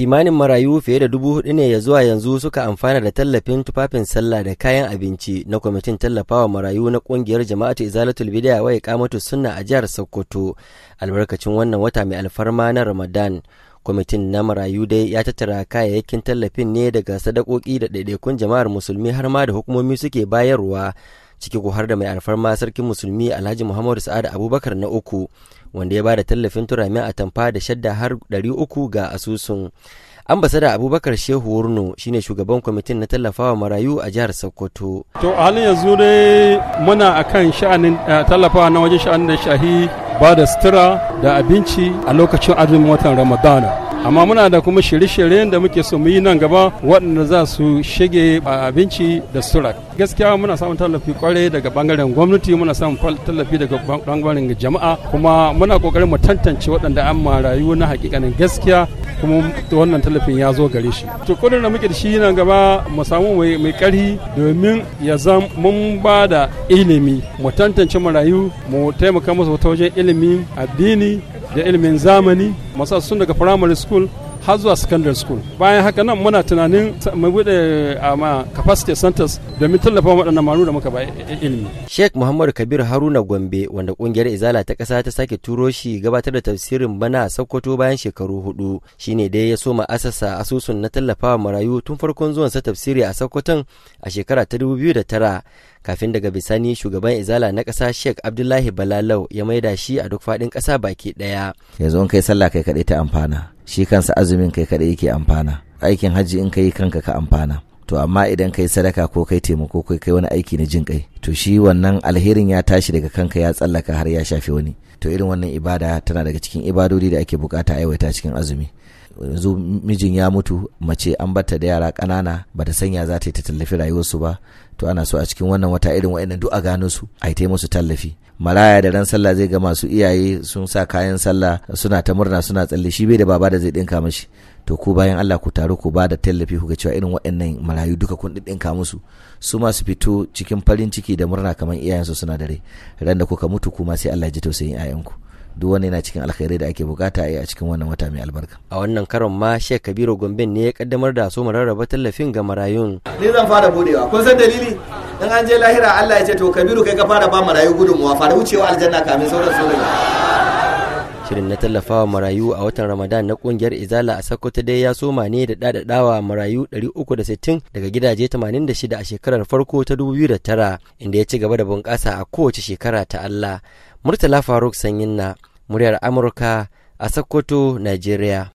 kimanin marayu fiye da dubu hudu ne ya zuwa yanzu suka amfana da tallafin tufafin sallah da kayan abinci na kwamitin tallafawa marayu na kungiyar jama'atu izalatul bidiya wa kamatu sunna a jihar sokoto albarkacin wannan wata mai alfarma na ramadan kwamitin na marayu dai ya tattara kayayyakin tallafin ne daga sadakoki da ɗaiɗaikun jama'ar musulmi har ma da hukumomi suke bayarwa ciki ko har da mai alfarma sarkin musulmi alhaji muhammadu sa'ad abubakar na uku wanda ya bada tallafin a tamfa da shadda har ɗari uku ga asusun ambasada abubakar shehu wurno shine shugaban kwamitin na tallafawa marayu a jihar sokoto to a halin yanzu dai muna akan sha'anin eh, tallafawa na wajen sha'anin da shahi ba da sutura da abinci a lokacin azumin watan ramadana amma muna da kuma shirye-shiryen da muke so mu yi nan gaba waɗanda za su shige abinci da surak gaskiya muna samun tallafi kwarai daga bangaren gwamnati muna samun tallafi daga bangaren jama'a kuma muna kokarin mu tantance waɗanda an rayu na hakikanin gaskiya kuma wannan tallafin ya zo gare shi to kudin da muke da shi nan gaba mu samu mai ƙarfi domin ya zan mun ba da ilimi mu tantance marayu mu taimaka musu ta wajen ilimin addini da ilimin zamani masu sun daga primary school har zuwa secondary school bayan haka nan muna tunanin mai bude a capacity centers domin tallafa waɗannan maru da muka ba ilimi Sheikh Muhammadu Kabir Haruna Gombe wanda kungiyar Izala ta ƙasa ta sake turo shi gabatar da tafsirin bana a Sokoto bayan shekaru hudu shine dai ya soma asasa asusun na tallafawa marayu tun farkon zuwansa tafsiri a Sokoton a shekara ta tara. kafin daga bisani shugaban izala na ƙasa sheikh abdullahi balalau ya maida shi a duk faɗin ƙasa baki ɗaya yanzu in kai sallah kai kaɗai ta amfana shi kansa azumin kai kaɗai yake amfana aikin hajji in kai kanka ka amfana to amma idan kai sadaka ko kai taimako kai kai wani aiki na jin kai to shi wannan alherin ya tashi daga kanka ya tsallaka har ya shafi wani to irin wannan ibada tana daga cikin ibadodi da ake bukata aiwata cikin azumi yanzu mijin ya mutu mace an bata da yara ƙanana ba ta sanya za ta yi ta tallafi rayuwarsu ba to ana so a cikin wannan wata irin wa'annan duk a gano su a yi musu tallafi maraya da ran sallah zai ga masu iyaye sun sa kayan sallah suna ta murna suna tsalle shi bai da baba da zai dinka mashi to ku bayan Allah ku taru ku ba da tallafi ku ga cewa irin waɗannan marayu duka kun ɗinɗinka musu su ma su fito cikin farin ciki da murna kamar iyayensu suna dare ran da kuka mutu kuma sai Allah ji tausayin 'ya'yanku duk wani yana cikin alkhairai da ake bukata a cikin wannan wata mai albarka a wannan karon ma Sheikh Kabiru Gombe ne ya kaddamar da so rarraba tallafin ga marayun ni zan fara budewa kun san dalili dan an je lahira Allah ya ce to Kabiru kai ka fara ba marayu gudunmuwa fara wucewa aljanna kamin sauran sauran Shirin na tallafawa marayu a watan Ramadan na kungiyar Izala a Sokoto dai ya soma ne da dadadawa marayu 360 daga gidaje 86 a shekarar farko ta 2009 inda ya ci gaba da bunƙasa a kowace shekara ta Allah. Murtala Faruk Sanyin na muryar Amurka a Sokoto, Najeriya.